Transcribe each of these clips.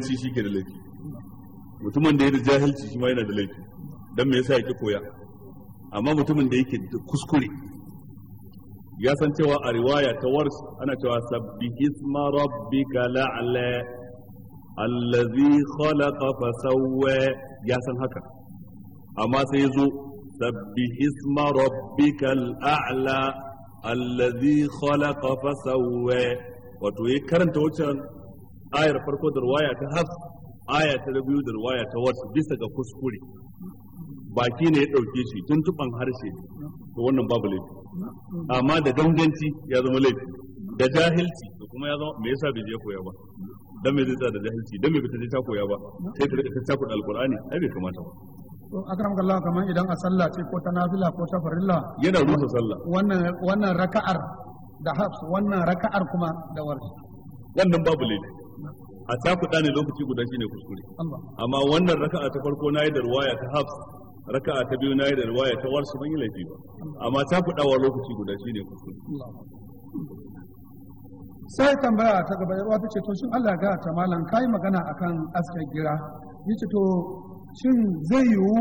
jahilci shi ke da laifi mutumin da ya da jahilci shi ma yana da laifi don me yasa yake koya amma mutumin da yake da kuskure ya san cewa a riwaya ta wars ana cewa sabbihisma rabbika la'ala allazi khalaqa fa sawwa ya san haka amma sai yazo isma rabbikal a'la allazi khalaqa fa sawwa wato ya karanta wucin ayar farko da ruwaya ta haf aya ta biyu da ruwaya ta wasu bisa ga kuskure baki ne ya ɗauke shi tun tuban harshe to wannan babu laifi amma da danganci ya zama laifi da jahilci da kuma ya zama me yasa bai je koya ba dan me zai tsaya da jahilci dan me bai je ta koya ba sai ta ta takuda alqur'ani ai bai kamata ba to akram kallahu kaman idan a sallah ce ko ta nafila ko ta farilla yana rusa sallah wannan wannan raka'ar da hafs wannan raka'ar kuma da warshi wannan babu laifi a takuɗa ne lokaci guda shi ne kuskure amma wannan raka'a ta farko na yi da ruwaya ta hafs raka'a ta biyu na yi da ruwaya ta warsu ban yi laifi ba amma wa lokaci guda shi ne kuskure sai tambaya ta gaba ruwa ta ce to shin Allah ga ta malam kai magana akan askar gira yace to shin zai yiwu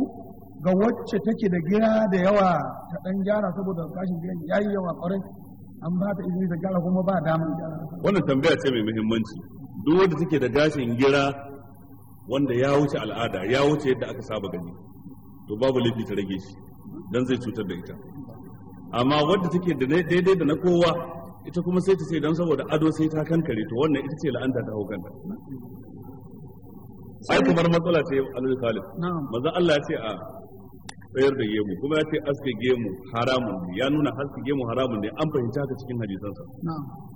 ga wacce take da gira da yawa ta dan gyara saboda kashin gidan yayi yawa kwarai an ba ta izini da gyara kuma ba damar gyara wannan tambaya ce mai muhimmanci duk wanda take da gashin gira wanda ya wuce al'ada ya wuce yadda aka saba gani to babu laifi ta rage shi dan zai cutar da ita amma wadda take da daidai da na kowa ita kuma sai ta ce dan saboda ado sai ta kankare to wannan ita ce la'anta ta hau kanta ai kamar matsala ce alal khalid maza Allah ya ce a tsayar da gemu kuma ya ce aske gemu haramun ne ya nuna aske gemu haramun ne an fahimta ta cikin hadisansa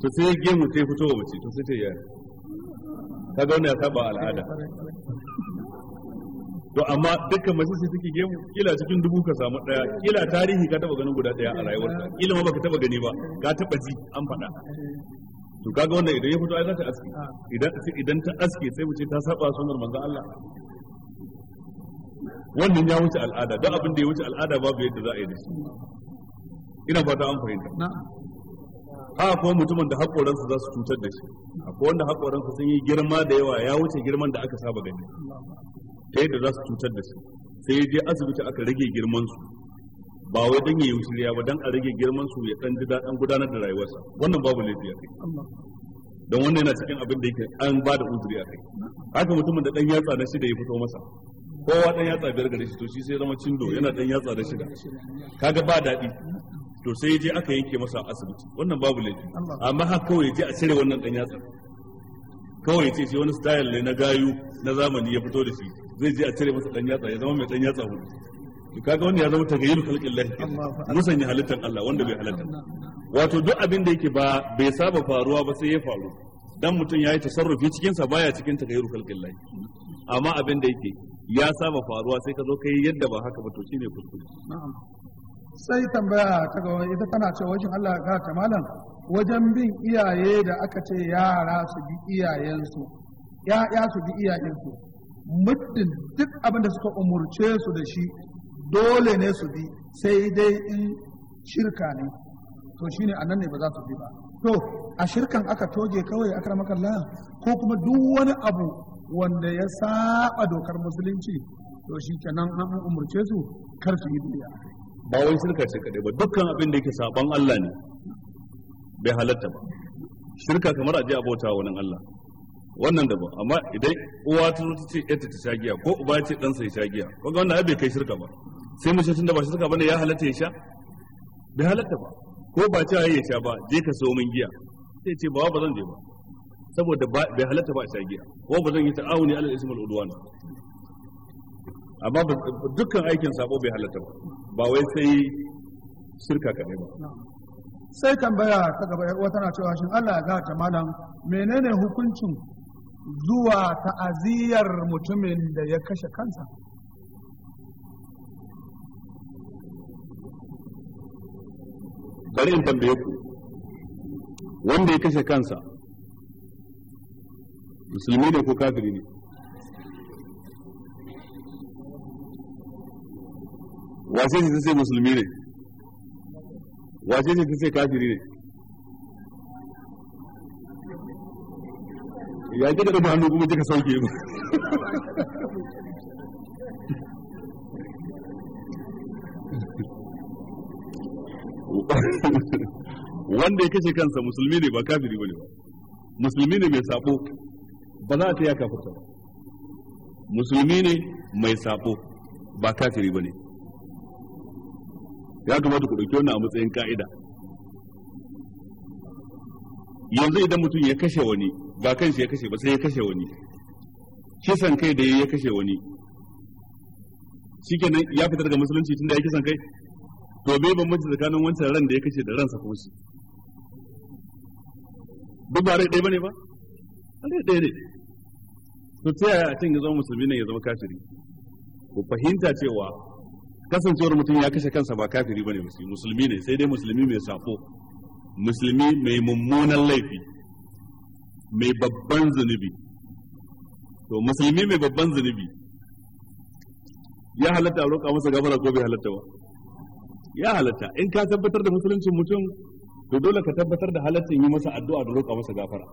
to sai gemu sai fito wa mace to sai ta yi ga wani ya saba al'ada to amma dukkan masu suke gemu kila cikin dubu ka samu daya kila tarihi ka taba ganin guda daya a ka kila ma baka taba gani ba ka taba ji an faɗa to kaga wannan idan ya fito ai za ta aske idan idan ta aske sai mu ce ta saba sunnar manzon Allah wannan ya wuce al'ada don abin da ya wuce al'ada babu yadda za a yi da shi ina fata an fahimta ha ko mutumin da haƙoransa za su cutar da shi akwai wanda haƙoransa sun yi girma da yawa ya wuce girman da aka saba gani ta yadda za su cutar da shi sai ya je asibiti aka rage girmansu ba wai don ya yi shirya ba don a rage girmansu ya ɗan ji gudanar da rayuwarsa wannan babu laifi a kai don wannan yana cikin abin da yake an ba da uzuri a kai haka mutumin da ɗan yatsa na shida ya fito masa kowa ɗan yatsa biyar gare shi to shi sai zama cindo yana ɗan yatsa da shida kaga ba daɗi to sai je aka yanke masa asibiti wannan babu laifi amma haka kawai ya je a cire wannan dan yatsa kawai ya ce shi wani style ne na gayu na zamani ya fito da shi zai je a cire masa dan yatsa ya zama mai dan yatsa hudu to kaga wannan ya zama tagayyul khalqin lahi musanya halittar Allah wanda bai halatta wato duk abin da yake ba bai saba faruwa ba sai ya faru dan mutum yayi tasarrufi cikin sa baya cikin tagayyul khalqin lahi amma abin da yake ya saba faruwa sai ka zo kai yadda ba haka ba to shine kuskure sai tambaya ta gaba ita tana cewa wajen Allah ya gafarta malam wajen bin iyaye da aka ce yara su bi iyayensu ya'ya su bi iyayensu muddin duk abin da suka umurce su da shi dole ne su bi sai dai in shirka ne to shine nan ne ba za su bi ba to a shirkan aka toge kawai aka makalla ko kuma duk wani abu wanda ya saba dokar musulunci to shi kenan an umurce su kar su yi biya ba wai shirka ce kadai ba dukkan abin da yake saban Allah ne bai halatta ba shirka kamar a je a bauta wa Allah wannan da ba amma idan uwa ta zo ta ce yadda ta sha giya ko uba ya ce ɗansa ya sha giya kaga wannan abin kai shirka ba sai mu da tunda ba shirka bane ya halatta ya sha bai halatta ba ko ba ce ya sha ba je ka so min giya sai ce ba ba zan je ba saboda bai halatta ba a sha giya ko ba zan yi ta'awuni alal ismul udwan amma dukkan aikin sabo bai halatta ba ba wai sai shirka kaɗai ba sai tambaya ta gaba yar uwa tana cewa shin Allah ya gata malam menene hukuncin zuwa ta'aziyar mutumin da ya kashe kansa bari in tambaye ku wanda ya kashe kansa musulmi ne ko kafiri ne wace ce ta ce musulmi ne wace ce ta ce kafiri ne ya ki da hannu kuma kika sauke ba wanda ya kashe kansa musulmi ne ba kafiri bane ba musulmi ne mai sabo ba za ta ya kafirta ba musulmi ne mai sabo ba kafiri bane ya kamata ku ɗauki wannan a matsayin ka'ida yanzu idan mutum ya kashe wani ba shi ya kashe ba sai ya kashe wani kisan kai da ya kashe wani shikenan ya fitar da musulunci tunda ya kisan kai to bai ban mace tsakanin wancan ran da ya kashe da ransa kuma shi duk ba rai ɗaya bane ba rai ɗaya ne to ta yaya a cikin zama musulmi ne ya zama kafiri ku fahimta cewa kasancewar mutum ya kashe kansa ba kafiri bane musulmi ne sai dai musulmi mai safo musulmi mai mummunan laifi mai babban zunubi to musulmi mai babban zunubi ya halatta a roƙa masa gabara ko bai halatta ba ya halatta in ka tabbatar da musuluncin mutum to dole ka tabbatar da halatta yi masa addu'a da roƙa masa gafara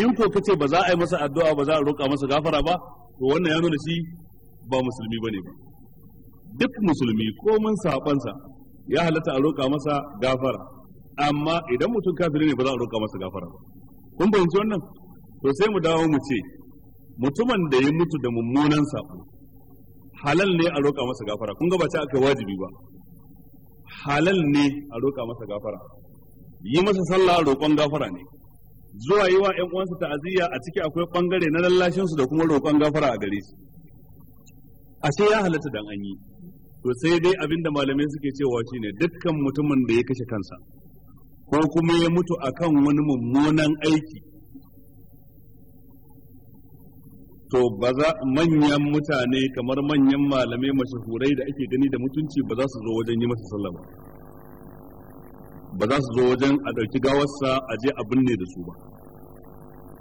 in ko ka ce ba za a yi masa addu'a ba za a roƙa masa gafara ba to wannan ya nuna shi ba musulmi bane ba duk musulmi komin sabansa ya halatta a roƙa masa gafara amma idan mutum kafiri ne ba za a roƙa masa gafara ba kun fahimci wannan to sai mu dawo mu ce mutumin da ya mutu da mummunan sako halal ne a roƙa masa gafara kun ga ba ce aka wajibi ba halal ne a roƙa masa gafara yi masa sallah roƙon gafara ne zuwa yi wa ƴan uwansa ta'aziyya a ciki akwai bangare na lallashin su da kuma roƙon gafara a gare su ashe ya halatta dan an yi to sai dai abinda malamai suke cewa shine dukkan mutumin da ya kashe kansa ko kuma ya mutu akan wani mummunan aiki to ba za manyan mutane kamar manyan malamai mashahurai da ake gani da mutunci ba za su zo wajen yi masa sallah ba za su zo wajen a ɗauki gawarsa a je abin ne da su ba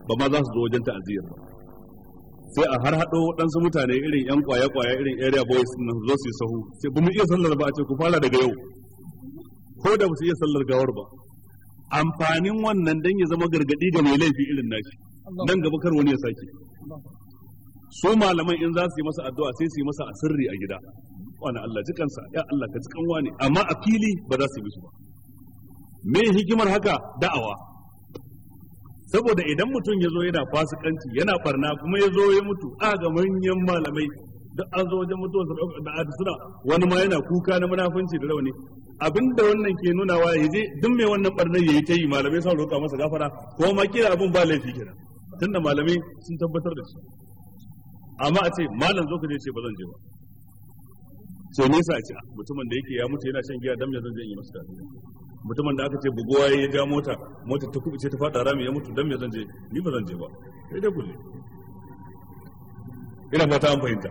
ba ma za su zo wajen ta'aziyar ba sai a har haɗo waɗansu mutane irin yan kwaya kwaya irin area boys na zo su yi sahu sai ba mu iya sallar ba a ce ku fara daga yau ko da ba su iya sallar gawar ba amfanin wannan dan ya zama gargadi ga mai laifi irin nashi nan gaba kar wani ya sake su malaman in za su yi masa addu'a sai su yi masa asirri a gida wani Allah ji kansa ya Allah ka ji kanwa ne amma a fili ba za su yi su ba me hikimar haka da'awa saboda idan mutum ya zo yana fasikanci yana barna kuma ya zo ya mutu a ga manyan malamai duk an zo wajen su ɗauka da adu suna wani ma yana kuka na munafunci da rauni abinda wannan ke nuna wa je duk mai wannan barnar yi ta yi malamai sun roƙa masa gafara ko ma kira abin ba laifi kira tunda malamai sun tabbatar da shi amma a ce malam zo ka je ce ba zan je ba sai nisa ce ah, mutumin da yake ya mutu yana shan giya dan me zan je in yi masa mutumin da aka ce buguwa ya ja mota mota ta kubuce ta fada rami ya mutu dan me zan je ni ba zan je ba sai dai ku ina fata an fahimta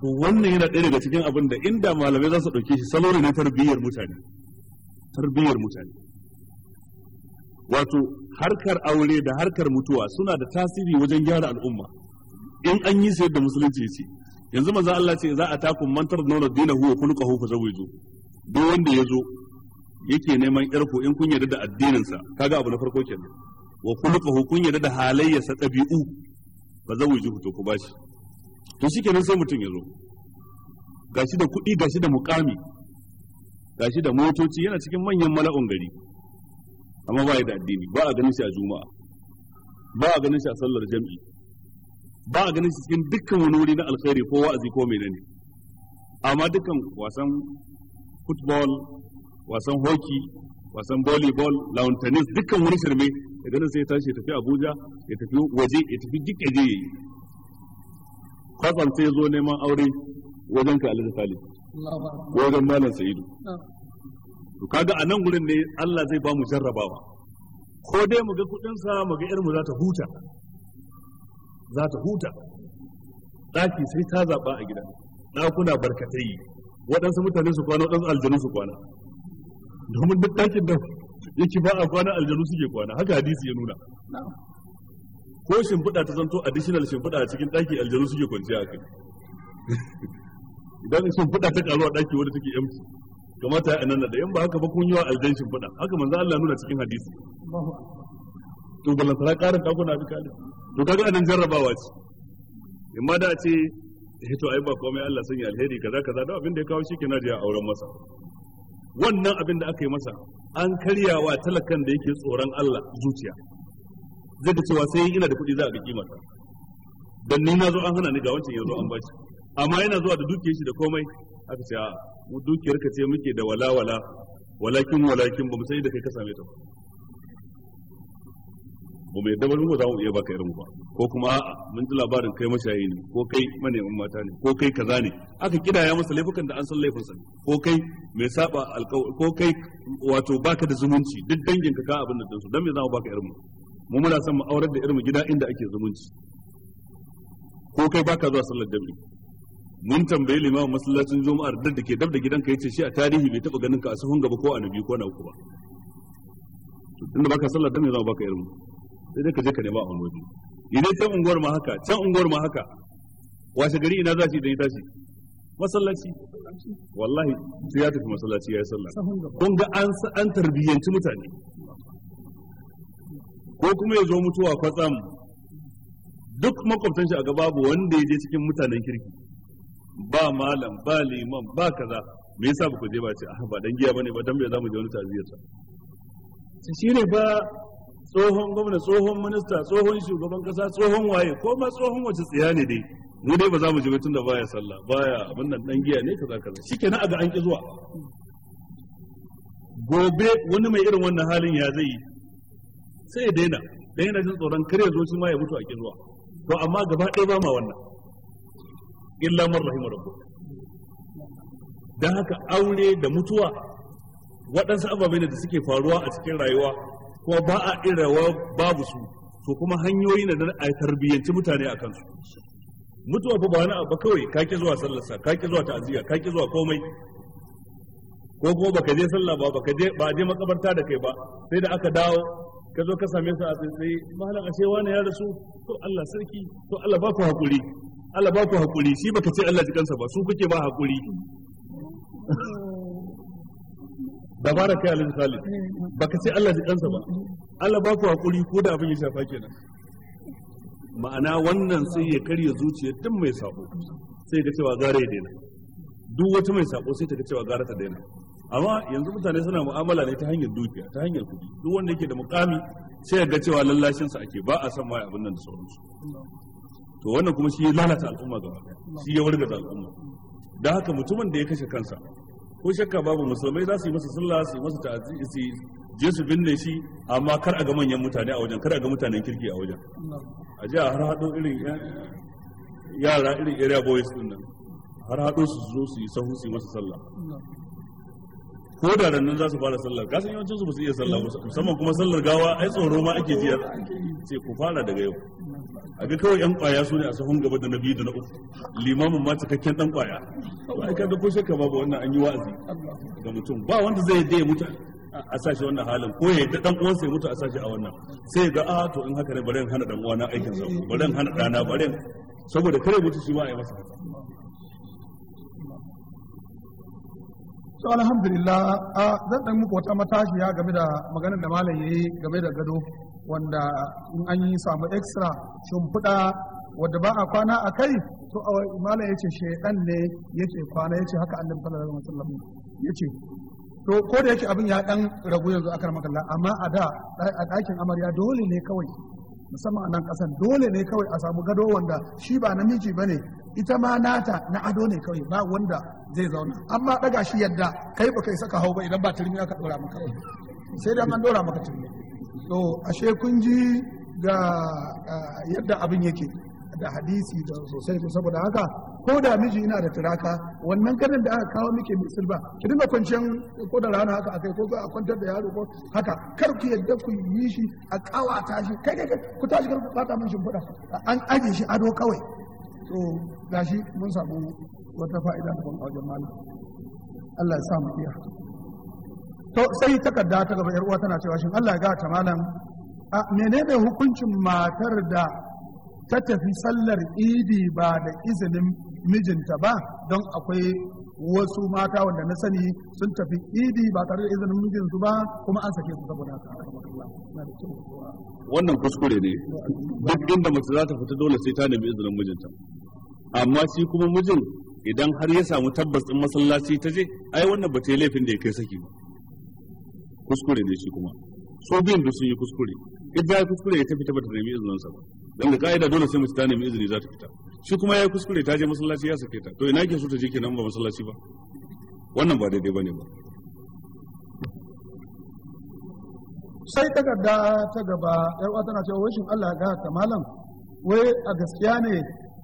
to wannan yana ɗaya daga cikin abin da inda malamai za su ɗauke shi salori ne tarbiyyar mutane tarbiyyar mutane wato harkar aure da harkar mutuwa suna da tasiri wajen gyara al'umma in an yi su yadda musulunci ce yanzu maza Allah ce za a takun mantar nuna dina huwa kun kahu ku zo duk wanda ya zo yake neman yarku in kun yarda da addininsa kaga abu na farko kenan wa khuluquhu kun yarda da halayyarsa ɗabi'u fa zawujuhu to ku bashi to shikenan sai mutum ya zo gashi da kuɗi gashi da mukami gashi da motoci yana cikin manyan mala'un gari amma ba ya da addini ba a ganin shi a juma'a ba a ganin shi a sallar jam'i ba a ganin shi cikin dukkan wani wuri na alkhairi ko wa'azi ko menene amma dukkan wasan football wasan hoki wasan volleyball lawn tennis dukkan wani shirme daga nan sai ya tashi ya tafi Abuja ya tafi waje ya tafi duk ya yayi kwatsam sai ya zo neman aure wajen ka Alhaji Salih wajen Malam Sa'idu to kaga a nan gurin ne Allah zai ba mu jarrabawa ko dai mu ga kudin sa mu ga irin mu za ta huta za ta huta daki sai ta zaba a gidan dakuna barkatai waɗansu mutane su kwana waɗansu aljanu su kwana domin duk ɗakin da yake ba a kwana aljanu suke kwana haka hadisi ya nuna ko shimfiɗa ta zanto additional shimfiɗa a cikin ɗaki aljanu suke kwanciya a kai idan shimfiɗa ta karuwa ɗaki wanda take empty kamata a nan da yan ba haka ba kun yi wa aljan shimfiɗa haka manzo Allah nuna cikin hadisi to ballan tara karin kuna bi da to kaga anan jarrabawa ce imma da a ce eh, to ai ba komai Allah sanya alheri kaza kaza da abin da ya kawo shi kenan da ya auren masa wannan abin da aka yi masa an karyawa talakan da yake tsoron Allah zuciya zai ta cewa sai ina da kuɗi za a biki masa dan ni na zo an hana ni ga wancan yanzu an bashi amma yana zuwa da dukiyar shi da komai aka ce a dukiyar ka ce muke da walawala walakin walakin ba mu sai da kai ka same ta ba mai dabarun mu za mu iya baka irin ba ko kuma a'a mun ji labarin kai mashayi ne ko kai maneman mata ne ko kai kaza ne aka kidaya masa laifukan da an san laifinsa ko kai mai saba alƙawari ko kai wato baka da zumunci duk dangin ka ka abin da su dan me za mu baka irin mu muna son mu aurar da irin gida inda ake zumunci ko kai baka zuwa sallar dabi mun tambaye limamin masallacin juma'ar da ke dab da gidanka yace shi a tarihi bai taba ganin ka a sahun gaba ko a nabi ko na uku ba tunda baka sallar dan me za mu baka irin sai dai ka je ka nema a wani idan can unguwar ma haka can unguwar ma haka washe gari ina za shi da ita shi masallaci wallahi sai ya tafi masallaci ya yi sallah kun ga an an tarbiyyanci mutane ko kuma ya zo mutuwa kwatsam duk makwabtan shi a gaba babu wanda ya je cikin mutanen kirki ba malam ba liman ba kaza me yasa ba ku je ba ce a ba dan giya bane ba dan bai zamu je wani taziyar sa shi ne ba tsohon gwamna tsohon minista tsohon shugaban kasa tsohon waye ko ma tsohon wace tsiya ne dai mu dai ba za mu ji mutun da baya sallah baya abin nan dan giya ne kaza kaza shikenan aga an ki zuwa gobe wani mai irin wannan halin ya zai sai ya daina dan yana jin tsoron kare zo shi ma ya mutu a ki zuwa to amma gaba ɗaya ba ma wannan illa man rahimu rabbuk dan haka aure da mutuwa waɗansu ababai ne da suke faruwa a cikin rayuwa ko ba a irawa babu su to kuma hanyoyi na ai tarbiyyanci mutane a kansu mutuwa fa ba wani abu kawai ka ki zuwa sallarsa ka ki zuwa ta'aziyya ka ki zuwa komai ko kuma baka je sallah ba baka je ba je makabarta da kai ba sai da aka dawo ka zo ka same su a tsaye mahalan ashe wani ya rasu to Allah sarki to Allah ba ku hakuri Allah ba ku hakuri shi baka ce Allah jikansa ba su kuke ba hakuri dabara kai alhaji ba baka sai Allah ji kansa ba Allah ba ku hakuri ko da abin ya shafa kenan ma'ana wannan sai ya karya zuciya duk mai sako sai ga cewa gara ya daina duk wata mai sako sai ta ga cewa gara ta daina amma yanzu mutane suna mu'amala ne ta hanyar dukiya ta hanyar kuɗi duk wanda yake da mukami sai ga cewa lallashin sa ake ba a san ma abin nan da sauransu to wannan kuma shi ya lalata al'umma gaba shi ya wargaza al'umma dan haka mutumin da ya kashe kansa ko shakka babu musulmai za su yi masa sallah su yi masa ta'azi su je su binne shi amma kar a ga manyan mutane a wajen kar a ga mutanen kirki a wajen a ji har haɗo irin yara irin area boys din nan har haɗo su zo su yi sahu su yi masa sallah ko da nan za su fara sallar ga san yawancin su ba su iya sallah musamman kuma sallar gawa ai tsoro ma ake ji sai ku fara daga yau a ga kawai yan kwaya su ne a sahun gaba da na biyu da na uku limamin ma cikakken dan kwaya a kaga ko shakka babu wannan an yi wa'azi ga mutum ba wanda zai yadda ya mutu a sashi wannan halin ko ya dan uwan sai mutu a sashi a wannan sai ga a ah, to in haka ne bari in hana dan uwana aikin sa bari in hana dana bari saboda kare mutu shi ma a yi masa haka so alhamdulillah a zan dan muku wata matashiya game da maganar da malam yi game da gado wanda in an yi samu extra shimfiɗa wadda ba a kwana a kai to malam ya ce shaydan ne ya ce kwana ya ce haka annabi sallallahu alaihi ya ce. to ko da yake abin ya ɗan ragu yanzu kan makalla amma a da a ɗakin amarya dole ne kawai musamman a nan ƙasan dole ne kawai a samu gado wanda shi ba namiji ba ne ita ma nata na ado ne kawai ba wanda zai zauna amma daga shi yadda kai ba kai saka hau ba idan ba turmi aka dora maka sai dan an dora maka turmi to ashe kun ji ga yadda abin yake da hadisi da sosai ko saboda haka ko da miji ina da turaka wannan kanin da aka kawo muke mai silba ki dinga kwanciyan ko da rana haka akai ko a kwantar da yaro ko haka kar ku yadda ku yi shi a ta shi kai kai ku tashi kar ku bata min shimfiɗa an aje shi ado kawai to gashi mun samu wata fa'ida da a wajen malam Allah ya sa mu iya to sai takarda ta gaba yar uwa tana cewa shin Allah ya ga ta malam a menene hukuncin matar da ta tafi sallar idi ba da izinin mijinta ba don akwai wasu mata wanda na sani sun tafi idi ba tare da izinin mijinsu ba kuma an sake su saboda haka wannan kuskure ne duk inda mace za ta fita dole sai ta nemi izinin mijinta amma shi kuma mijin idan har ya samu tabbas in masallaci ta je ai wannan ba ta yi laifin da ya kai saki ba kuskure ne shi kuma so biyan da sun yi kuskure idan ya kuskure ya tafi ba ta nemi izinin sa ba dan da kaida dole sai mace ta nemi izini za ta fita shi kuma ya kuskure ta je masallaci ya sake ta to ina ke so ta je kenan ba masallaci ba wannan ba daidai bane ba sai takarda ta gaba yar uwa tana cewa wai Allah ya ga malam wai a gaskiya ne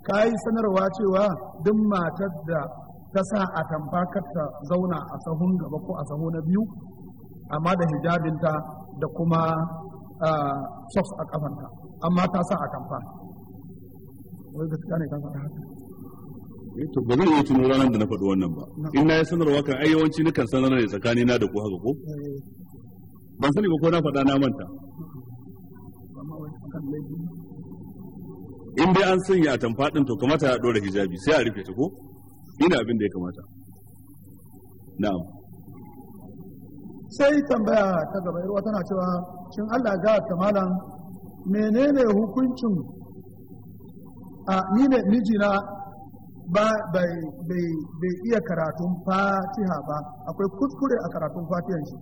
ka yi sanarwa cewa duk matar da ta sa a tamfakar ta zauna a sahun gaba ko a saho na biyu amma da hijabinta da kuma socks a kafanta amma ta sa a tamfa wai gaskiya ne kan faɗa haka eh to ba zan iya tuno ranar da na faɗi wannan ba in na yi sanarwa kan ai yawanci na kan sanar ne tsakanina da ku haka ko eh, eh. ban sani ba ko na faɗa na manta in dai an sanya a tamfadin to kamata ya dora hijabi sai a rufe ta ko ina abin da ya kamata na'am sai tambaya ta gaba irwa tana cewa shin Allah ga ta malam menene hukuncin a ni ne mijina ba bai iya karatun fatiha ba akwai kuskure a karatun fatihan shi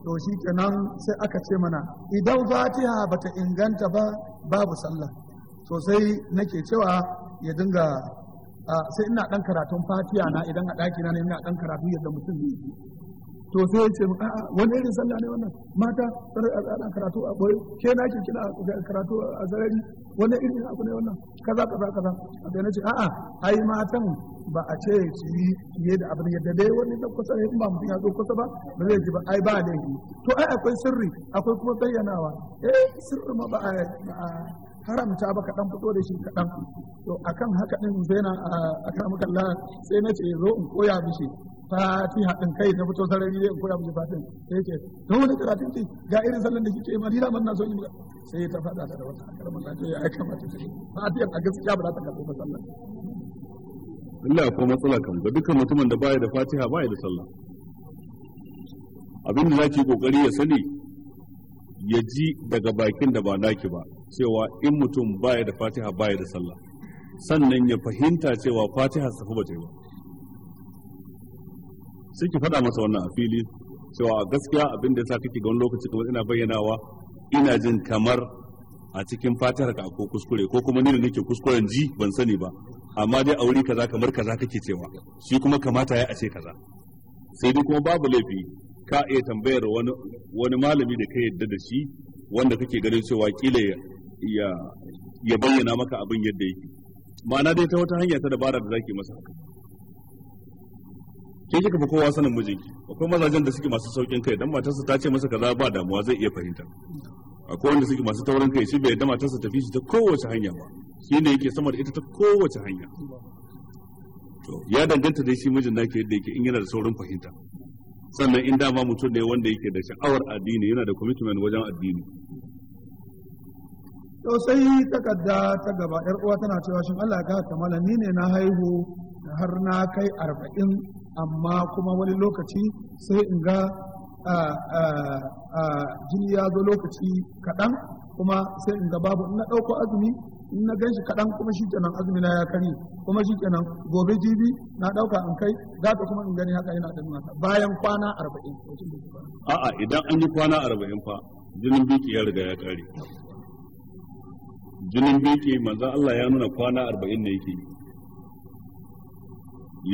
to shi kenan sai aka ce mana idan fatiha bata inganta ba babu sallah sosai nake cewa ya dinga sai ina dan karatun fatiya na idan a daki na ina dan karatu yadda mutum ne to sai ya ce a'a wani irin sallah ne wannan mata ana karatu a boye ke na ke kina karatu a zarari wani irin abu ne wannan kaza kaza kaza sai na ce a'a ai matan ba a ce su yi fiye da abin yadda dai wani da kusa in ba mutum ya zo kusa ba ba zai ji ba ai ba da to ai akwai sirri akwai kuma bayyanawa eh sirri ma ba a haramta ba kaɗan fito da shi kaɗan to a kan haka ɗin zai na a karamukan la sai na ce zo in koya mishi fatiha haɗin kai na fito sarari in koya mishi fatin sai ce to wani karatun ce ga irin sallan da kike ma ni manna na yi in sai ta faɗa da wata karamin la ya aika mata ce fatiyan a gaskiya ba za ta karɓi ba sallan Allah ko matsala kan ga dukkan mutumin da baya da fatiha baya da sallah abin da zaki kokari ya sani ya ji daga bakin da ba naki ba cewa in mutum baya da fatiha baya da sallah sannan ya fahimta cewa fatiha safi ba ta yi ba sai ki faɗa masa wannan a fili cewa gaskiya abin da sa kake ga wani lokaci kamar ina bayyanawa ina jin kamar a cikin fatihar ka ko kuskure ko kuma ni da nake kuskuren ji ban sani ba amma dai a wuri kaza kamar kaza kake cewa shi kuma kamata ya ace kaza sai dai kuma babu laifi ka iya tambayar wani malami da ka yadda da shi wanda kake ganin cewa kila ya bayyana maka abin yadda yake ma'ana dai ta wata hanya ta dabara da zaki masa ke kika fa kowa sanin mijinki akwai mazajen da suke masu saukin kai dan matarsa ta ce masa kaza ba damuwa zai iya fahimta akwai wanda suke masu taurin kai shi bai yadda matarsa tafi shi ta kowace hanya ba shi ne yake sama da ita ta kowace hanya to ya danganta dai shi mijin nake yadda yake in yana da saurin fahimta sannan in dama mutum ne wanda yake da sha'awar addini yana da commitment wajen addini to sai takarda ta gaba yar uwa tana cewa shin Allah ya kamala ni ne na haihu har na kai arba'in amma kuma wani lokaci sai in ga jini ya zo lokaci kaɗan kuma sai in ga babu na ɗauko azumi in na gan shi kaɗan kuma shi kenan azumi na ya kari kuma shi kenan gobe jibi na ɗauka in kai ta kuma in gani haka yana da nuna bayan kwana arba'in a'a idan an yi kwana arba'in fa jinin biki ya riga ya kare jinin biki manzan Allah ya nuna kwana arba'in ne yake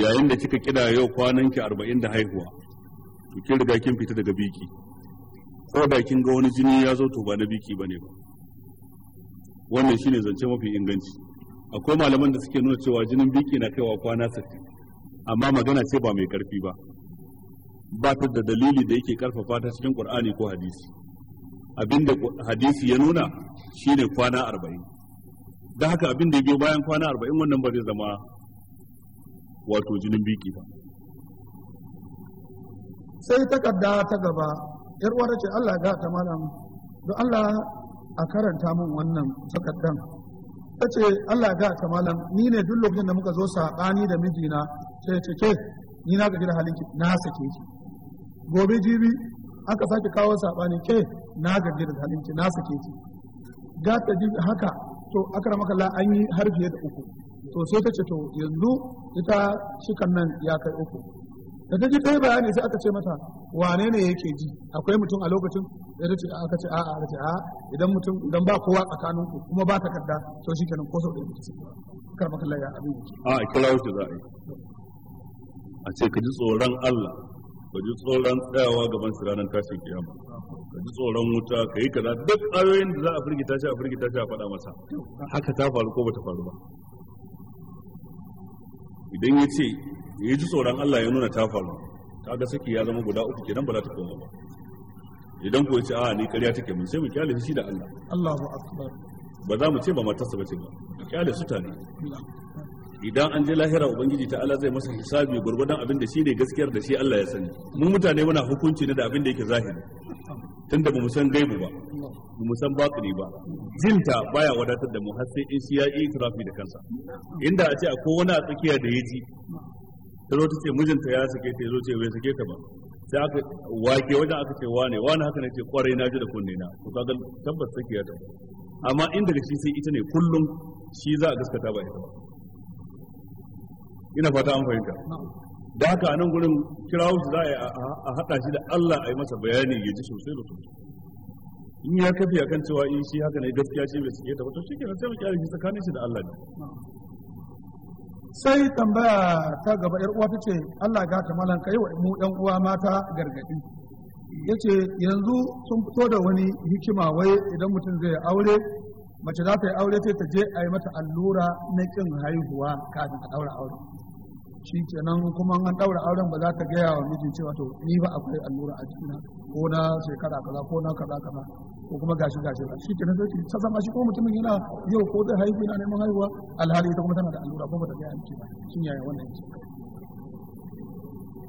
yayin da kika kira yau kwanan ki arba'in da haihuwa to kin riga kin fita daga biki ko da kin ga wani jini ya zo to ba na biki bane ba wannan shine zance mafi inganci akwai malaman da suke nuna cewa jinin biki na kaiwa kwana 60 amma magana ce ba mai karfi ba ba ta da dalili da yake karfafa ta cikin qur'ani ko hadisi abinda hadisi ya nuna shine kwana arba'in da haka abin da ya biyo bayan kwana arba'in wannan ba zai zama wato jinin biki ba sai takarda ta gaba yar uwar ce Allah ga ta malam don Allah a karanta min wannan takardan ta ce Allah ga ta malam ni ne duk lokacin da muka zo saɓani da mijina sai ce ke ni na gaji da halinki na sake ki gobe jibi aka sake kawo saɓani ke na gaje da zalunci na sake ki ga ta ji haka to akara makalla an yi har fiye da uku to sai ta ce to yanzu ita shikan nan ya kai uku da ta ji ta yi bayani sai aka ce mata wane ne yake ji akwai mutum a lokacin da ta ce aka ce a'a aka ce a'a idan mutum idan ba kowa tsakanin ku kuma ba takarda to shi kenan ko sau da yake ci kar makalla ya abin a kira wuce za a yi a ce ka ji tsoron Allah ka ji tsoron tsayawa gaban su ranar tashin kiyama ka ji tsoron wuta ka yi kaza duk ayoyin da za a firgita shi a firgita shi a faɗa masa haka ta faru ko bata faru ba idan ya ce ya ji tsoron Allah ya nuna ta faru ga saki ya zama guda uku kenan ba za ta koma ba idan ko ya ce a ni ƙarya take mun sai mu kyale shi da Allah Allahu akbar ba za mu ce ba matarsa ba ce ba kyale su ta ne idan an je lahira ubangiji ta Allah zai masa hisabi gurgurdan abin da shine gaskiyar da shi Allah ya sani mu mutane muna hukunci ne da abin da yake zahiri tunda bamu san gaibu ba bamu san batini ba jinta baya wadatar da mu har sai in shi ya yi itirafi da kansa inda a ce akwai wani a tsakiya da ya ji ta zo ta ce mijinta ya sake ta zo ce bai sake ta ba sai aka wake wajen aka ce wane wane haka ne ce kwarai na ji da kunne na to kaga tabbas tsakiya ta amma in daga shi sai ita ne kullum shi za a gaskata ba ita ba ina fata an fahimta da haka a nan gurin kirawo su za a haɗa shi da Allah a yi masa bayani ya ji sosai da sosai in ya kafi akan cewa in shi haka ne gaskiya shi bai suke ta shi ke sai mu kyale shi tsakanin shi da Allah ne sai tambaya ta gaba yar uwa tace Allah ga ta malan kai wa mu ɗan uwa mata gargadi yace yanzu sun fito da wani hikima wai idan mutum zai aure mace za ta yi aure sai ta je a yi mata allura na kin haihuwa kafin a daura aure shi kenan kuma an ɗaura auren ba za ta gaya wa mijin cewa to ni ba akwai allura a jikina ko na shekara kaza ko na kaza kaza ko kuma gashi gashi ba shi kenan sai ta zama shi ko mutumin yana yau ko zai haihu yana neman haihuwa alhali ita kuma tana da allura ko ba ta gaya miki ba shin yaya wannan yake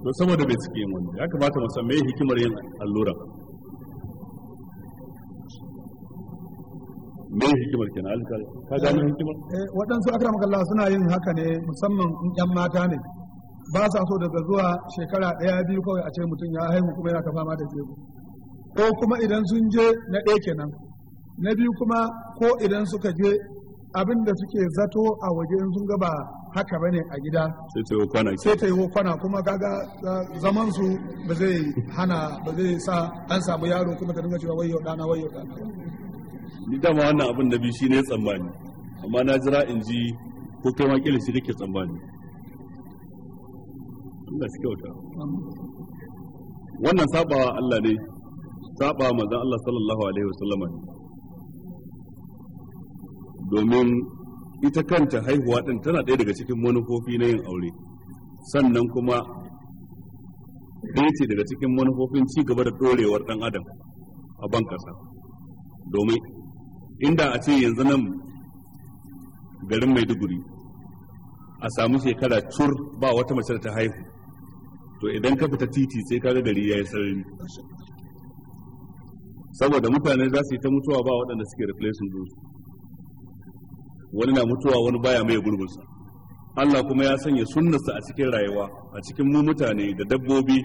to saboda bai suke yin wani ya kamata mu san me hikimar yin allura me hikimar kenan alika ka gane eh, hikimar eh, waɗansu akramaka Allah suna yin haka ne musamman in ƴan mata ne ba sa so daga zuwa shekara ɗaya biyu kawai a ce mutum ya haihu kuma yana ta fama da jego ko kuma idan sun je na ɗaya kenan na biyu kuma ko idan suka je abin da suke zato a waje in sun gaba haka bane a gida sai ta yi kwana kuma kaga zaman su ba zai hana ba zai sa an samu yaro kuma ta dinga cewa wayo dana wayo dana ni dama wannan abin da bi shi ne tsammani amma na jira in ji ko kai ma kila shi kake tsammani Allah shi kyauta wannan sabawa Allah ne saba manzon Allah sallallahu alaihi wasallam ne domin ita kanta haihuwa din tana ɗaya daga cikin manufofi na yin aure sannan kuma ɗaya ce daga cikin manufofin ci gaba da ɗorewar ɗan adam a ban ƙasa domin inda a ce yanzu nan garin maiduguri a samu shekara cur ba wata mace ta haihu to idan ka fita titi sai kaga gari ya yi sarari saboda mutane za su yi ta mutuwa ba waɗanda suke replacing dinsu wani na mutuwa wani baya mai gurbinsa Allah kuma ya sanya sunnarsa a cikin rayuwa a cikin mu mutane da dabbobi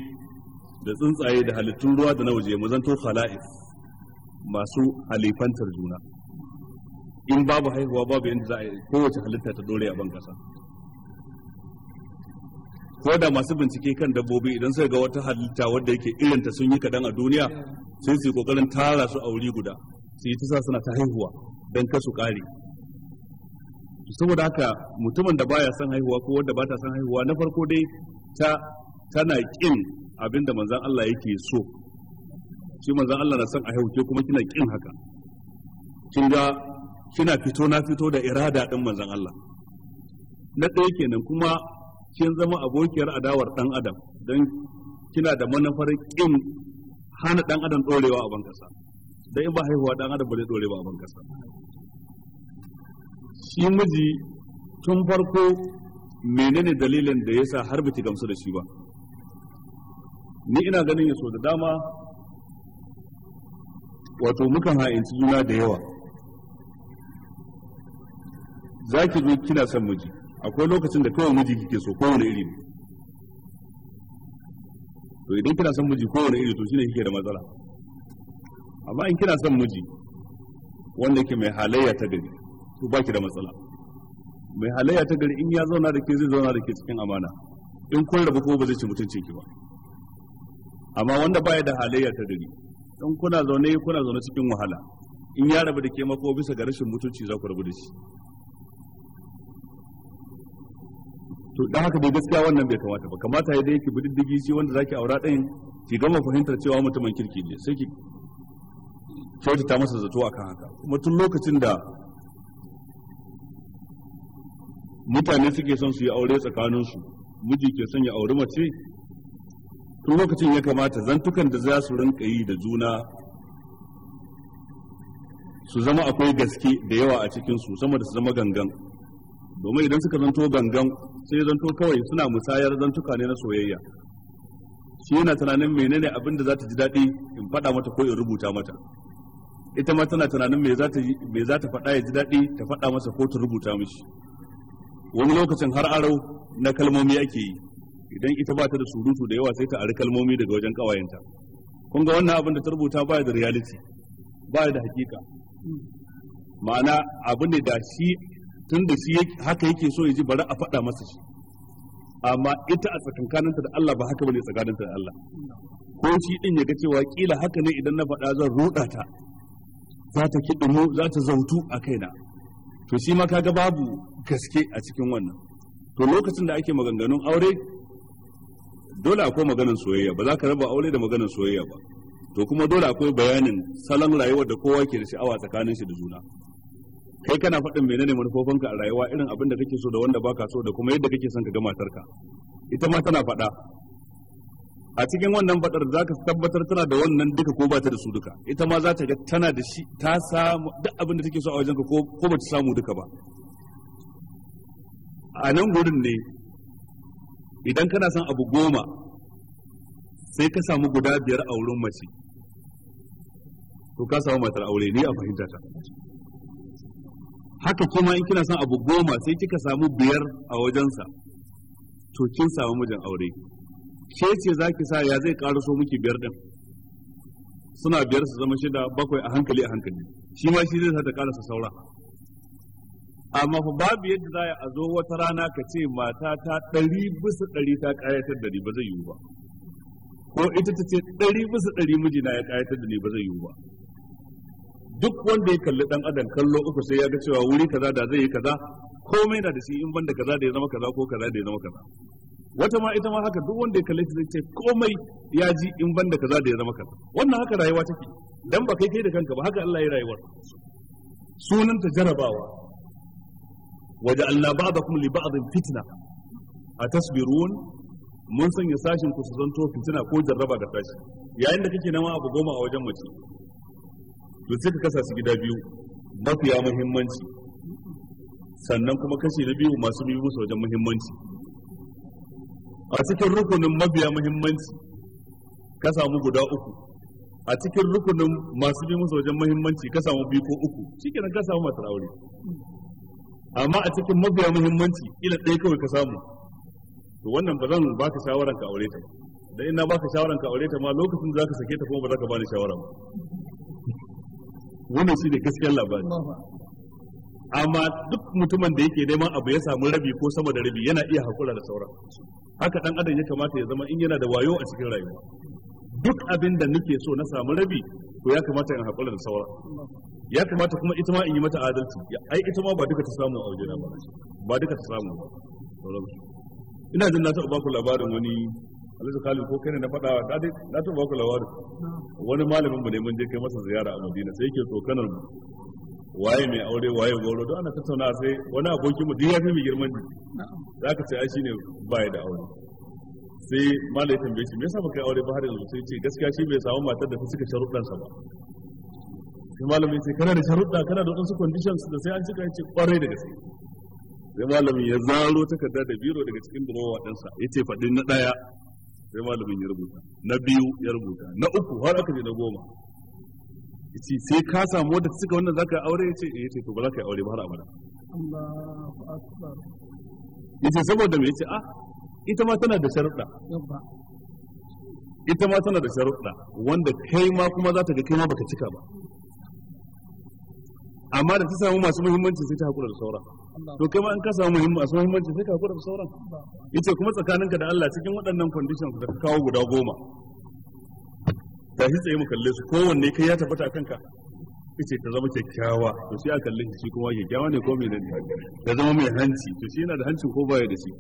da tsuntsaye da halittun ruwa da na waje mu zanto khala'is masu halifantar juna in babu haihuwa babu yadda za a kowace halitta ta dore a ban kasa ko da masu bincike kan dabbobi idan sai ga wata halitta wadda yake irinta sun yi kaɗan a duniya sai su yi ƙoƙarin tara su a wuri guda su yi ta sa suna ta haihuwa don kasu ƙare saboda haka mutumin da baya son haihuwa ko wanda ba ta son haihuwa na farko dai ta tana kin abinda manzon Allah yake so shi manzon Allah na son a haihuke kuma kina kin haka kin ga kina fito na fito da irada din manzon Allah na ɗaya kenan kuma kin zama abokiyar adawar dan adam dan kina da manufar kin hana dan adam dorewa a bankasa dan in ba haihuwa dan adam ba zai dore a bankasa shi miji tun farko menene dalilin da yasa har biki gamsu da shi ba ni ina ganin yaso da dama wato mukan ha'inci juna da yawa za ki zo kina son miji akwai lokacin da kawai miji kike so kowane iri to idan kina son miji kowane iri to shine kike da matsala amma in kina son miji wanda yake mai halayya ta gari to ba ki da matsala mai halayya ta gari in ya zauna da ke zai zauna da ke cikin amana in kun rabu ko ba zai ci mutunci ki ba amma wanda baya da halayya ta gari in kuna zaune kuna zaune cikin wahala in ya rabu da ke mako bisa ga rashin mutunci za ku rabu da shi to dan haka dai gaskiya wannan bai kamata ba kamata ya dai ki bi diddigi shi wanda zaki aura din ki gama fahimtar cewa mutumin kirki ne sai ki kyautata masa zato akan haka kuma tun lokacin da mutane suke son su yi aure tsakaninsu miji ke son ya auri mace tun lokacin ya kamata zantukan da za su rinka yi da juna su zama akwai gaske da yawa a cikinsu sama da su zama gangan domin idan suka zanto gangan sai zanto kawai suna musayar zantuka ne na soyayya shi yana tunanin menene abin da za ta ji daɗi in faɗa mata ko in rubuta mata ita ma tana tunanin me za ta faɗa ya ji daɗi ta faɗa masa ko ta rubuta mishi wani lokacin har arau na kalmomi ake yi idan ita ba ta da surutu da yawa sai ta ari kalmomi daga wajen kawayenta kun ga wannan abin da ta rubuta ba da reality ba da hakika ma'ana abin da shi tun da shi haka yake so ya ji bari a faɗa masa shi amma ita a tsakankaninta da Allah ba haka bane tsakaninta da Allah ko shi din ya ga cewa kila haka ne idan na faɗa zan ruɗa ta za ta kiɗimu za ta zautu a kaina to shi ma kaga babu gaske a cikin wannan to lokacin da ake maganganun aure dole akwai maganin soyayya ba za ka raba aure da maganin soyayya ba to kuma dole akwai bayanin salon rayuwar da kowa ke da sha'awa tsakanin shi da juna kai kana faɗin menene manufofinka a rayuwa irin abin da kake so da wanda baka so da kuma yadda kake son ka ga matarka ita ma tana faɗa a cikin wannan faɗar za ka tabbatar tana da wannan duka ko ba ta da su duka ita ma za ta ga tana da shi ta samu duk abin da take so a wajenka ko ba ta samu duka ba a nan gurin ne idan kana son abu goma sai ka samu guda biyar a wurin mace to ka samu matar aure ne a fahimta ta haka kuma in kina son abu goma sai kika samu biyar a wajensa to kin samu mijin aure ke ce za ki sa ya zai ƙara so miki biyar ɗin suna biyar su zama shida bakwai a hankali a hankali shi ma shi zai sa ta karasa saura amma fa babu yadda za a zo wata rana ka ce mata ta ɗari bisa ɗari ta ƙayatar da ni ba zai yiwu ba ko ita ta ce ɗari bisa ɗari mijina ya ƙayatar da ni ba zai yiwu ba duk wanda ya kalli ɗan adam kallo uku sai ya ga cewa wuri kaza da zai yi kaza komai na da shi in banda kaza da ya zama kaza ko kaza da ya zama kaza wata ma ita ma haka duk wanda ya kalli ta ce komai ya ji in banda kaza da ya zama kaza wannan haka rayuwa take dan ba kai kai da kanka ba haka Allah ya rayuwar sunanta jarabawa وجعلنا بعضكم لبعض fitina. A من mun sanya sashin ku su zanto جربا ko jarraba ga sashi yayin da kake nama abu goma a wajen mace to sai ka kasa gida biyu mafiya muhimmanci sannan kuma kashi na biyu masu muhimmanci a cikin rukunin mafiya muhimmanci ka samu guda uku a cikin rukunin masu bi musu wajen muhimmanci ka samu biyu ko uku shikenan ka samu matar aure amma a cikin mafiya muhimmanci ila ɗaya kawai ka samu to wannan ba zan ka shawaran ka aure ta da ina baka shawaran ka aure ta ma lokacin za ka sake ta kuma ba za ka bani shawara ba wannan shi ne gaskiyar labari amma duk mutumin da yake neman abu ya samu rabi ko sama da rabi yana iya hakura da sauran haka dan adam ya kamata ya zama in yana da wayo a cikin rayuwa duk abin da nake so na samu rabi ko ya kamata in hakura da sauran ya kamata kuma ita ma in yi mata adalci ai ita ma ba duka ta samu a wajena ba ba duka ta samu ina jin na taɓa baku labarin wani alhaji kalu ko kai ne na faɗa da dai na taɓa baku labarin wani malamin mu ne mun je kai masa ziyara a madina sai yake tsokanar mu waye mai aure waye goro don ana tattauna sai wani abokin mu duk ya fi mai girman jiki za ka ce ai shine baya da aure sai malamin tambaye shi me yasa baka aure ba har yanzu sai ce gaskiya shi bai samu matar da ta cika sharuɗansa ba sai malami ce kana da sharuɗa kana da wasu conditions da sai an cika ya ce kwarai da gaske sai malamin ya zaro takarda da biro daga cikin durowa ɗansa ya ce faɗi na ɗaya sai malamin ya rubuta na biyu ya rubuta na uku har aka je na goma ya sai ka samu wadda cika wannan za ka yi aure ya ce eh, ya ce to ba za ka yi aure ba har abada ya ce saboda me ya ce ah ita ma tana da sharuɗa ita ma tana da sharuɗa wanda kai ma kuma za ta ga kai ma baka cika ba amma da ta samu masu muhimmanci sai ta hakura da sauran to kai ma an ka samu masu muhimmanci sai ka hakura da sauran yace kuma tsakaninka da Allah cikin waɗannan conditions da ka kawo guda goma shi tsaye mu kalle su kowanne kai ya tabbata a kanka ita ta zama kyakkyawa to sai a kalle shi kuma kyakkyawa ne ko mai nan ta zama mai hanci to shi yana da hanci ko baya da shi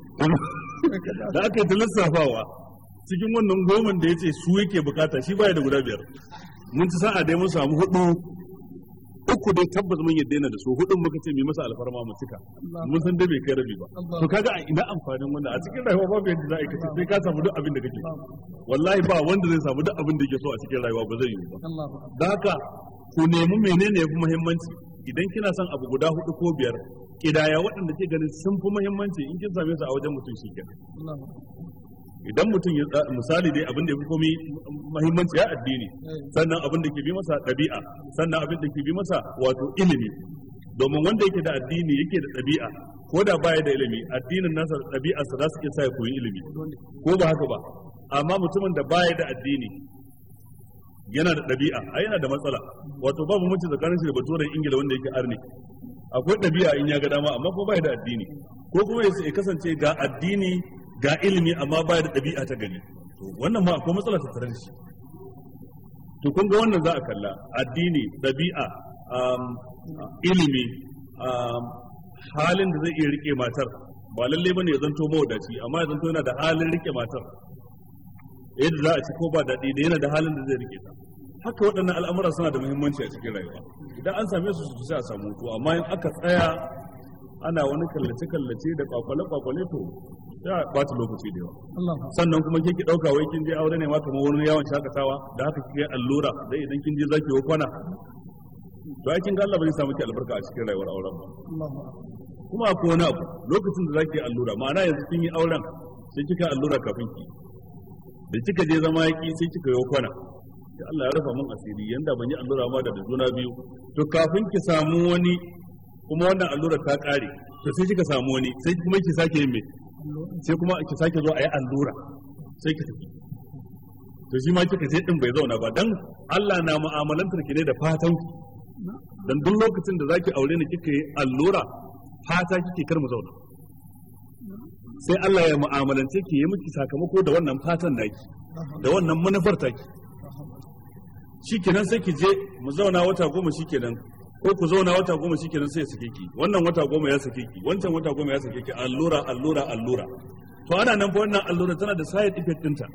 da aka yi ta lissafawa cikin wannan goma da ya ce su yake bukata shi baya da guda biyar mun ci sa'a dai mun samu hudu uku dai tabbas mun yadda yana da su hudun muka ce mai masa alfarma mu cika mun san dai bai kai rabi ba to kaga a ina amfanin wannan a cikin rayuwa babu yadda za a kace sai ka samu duk abin da kake wallahi ba wanda zai samu duk abin da yake so a cikin rayuwa ba zai yi ba da haka ku nemi menene yafi muhimmanci idan kina son abu guda hudu ko biyar kidaya waɗanda ke ganin sun fi muhimmanci in kin same su a wajen mutum shi kenan idan mutum ya misali dai abin da fi komai muhimmanci ya addini sannan abin da ke bi masa ɗabi'a sannan abin da ke bi masa wato ilimi domin wanda yake da addini yake da ɗabi'a ko da baya da ilimi addinin nasa ɗabi'a su za su iya sa ya koyi ilimi ko ba haka ba amma mutumin da baya da addini yana da ɗabi'a ai yana da matsala wato babu mace tsakanin shi da baturen ingila wanda yake arni akwai ɗabi'a in ya ga dama amma ko baya da addini ko kuma ya kasance ga addini ga ilimi amma baya da ɗabi'a ta gani, to wannan ma akwai matsala ta tare to kun ga wannan za a kalla addini ɗabi'a ilimi halin da zai iya rike matar ba lalle bane ya zanto mawadaci amma ya zanto yana da halin rike matar yadda za a ci ko ba daɗi da yana da halin da zai rike ta haka waɗannan al'amura suna da muhimmanci a cikin rayuwa idan an same su su a samu to amma in aka tsaya ana wani kallace kallace da kwakwale kwakwale to ya ba ta lokaci da yawa sannan kuma ke ki dauka wai kin je aure ne ma kamar wani yawon shakatawa da haka kike allura dai idan kin je zaki wa kwana to ai kin ga Allah bai samu ki albarka a cikin rayuwar auren ba kuma akwai wani abu lokacin da zaki allura ma'ana yanzu kin yi auren sai kika allura kafin ki da kika je zama yaki sai kika yi kwana da Allah ya rufa mun asiri yanda ban yi allura ma da juna biyu to kafin ki samu wani kuma wannan allura ta kare to sai kika samu wani sai kuma ki sake yin me sai kuma ki sake zo a yi allura sai ki tafi to shi ma kika je din bai zauna ba dan Allah na mu'amalantar ki ne da fatan dan duk lokacin da zaki aure ni kika yi allura fata kike kar mu zauna sai Allah ya mu'amalance ki yi miki sakamako da wannan fatan naki da wannan manufar taki shikenan sai ki je mu zauna wata goma shikenan ko ku zauna wata goma shikenan sai ya sake ki wannan wata goma ya sake ki wancan wata goma ya sake ki allura allura allura to ana nan fa wannan allura tana da side effect ɗinta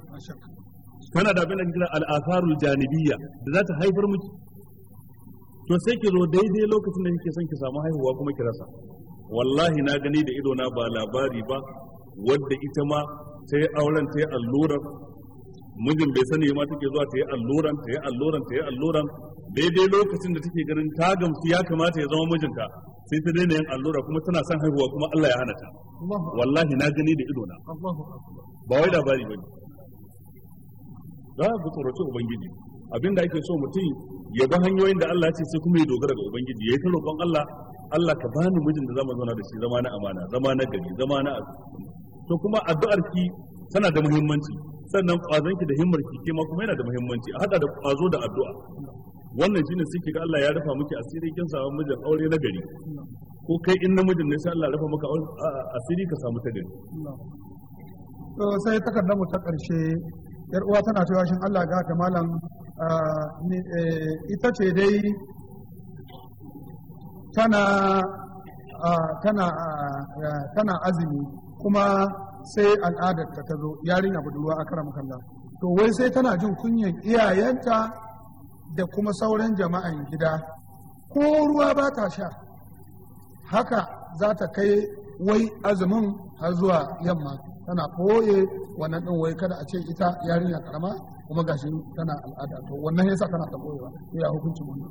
kana da abin da kira al'asarul janibiyya da za ta haifar miki to sai ki zo daidai lokacin da kike son ki samu haihuwa kuma ki rasa wallahi na gani da ido na ba labari ba wadda ita ma ta yi auren ta yi allurar mijin bai sani ma take zuwa ta yi alluran ta yi alluran ta yi alluran daidai lokacin da take ganin ta gamsu ya kamata ya zama mijinta sai ta daina yin allura kuma tana son haihuwa kuma Allah ya hana ta wallahi na gani da ido na ba wai labari bane za ku tsoraci ubangiji abinda ake so mutum ya bi hanyoyin da Allah ya ce sai kuma ya dogara ga ubangiji yayi roƙon Allah Allah ka bani mijin da zama zauna da shi zama na amana zama na gari zama na to kuma addu'ar ki tana da muhimmanci sannan kwazon ki da himmar ki ma kuma yana da muhimmanci a hada da kwazo da addu'a wannan shine sai kiga Allah ya rufa miki asiri kin samu mijin aure na gari ko kai in namijin ne sai Allah ya rufa maka asiri ka samu ta gari to sai takardar mu ta karshe yar uwa tana cewa shin Allah ga ta malam eh, ita ce dai tana tana tana azumi kuma sai al'adar ta zo yarinya budurwa a karam to wai sai tana jin kunyan iyayenta da kuma sauran jama'an gida ko ruwa ba ta sha haka za ta kai wai azumin har zuwa yamma tana koye wannan ɗin wai kada a ce ita yarinya karama kuma gashi tana al'ada to wannan yasa tana ta koyewa ya hukuncin wannan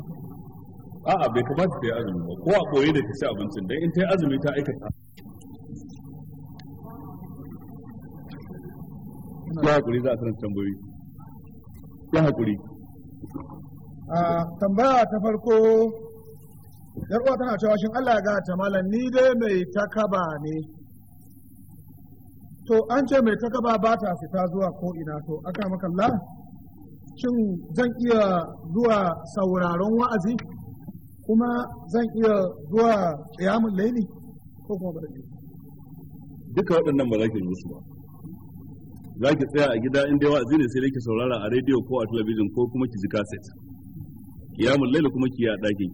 a'a bai kamata ta yi azumi ba ko a koye da ta ci abincin dan in ta yi azumi ta aikata ya hakuri za a karanta tambayoyi ya hakuri tambaya ta farko uwa tana cewa shin Allah ga ta malam ni dai mai takaba ne to an ce mai takaba ba ta fita zuwa ko ina to aka makalla shin zan iya zuwa sauraron wa'azi kuma zan iya zuwa kiyamun laini? ko kuma bada duka waɗannan ba za ki musu ba za ki tsaya a gida inda wa'azi ne sai dai ki saurara a rediyo ko a talabijin ko kuma ki ji kaset kiyamul laili kuma kiya ya dage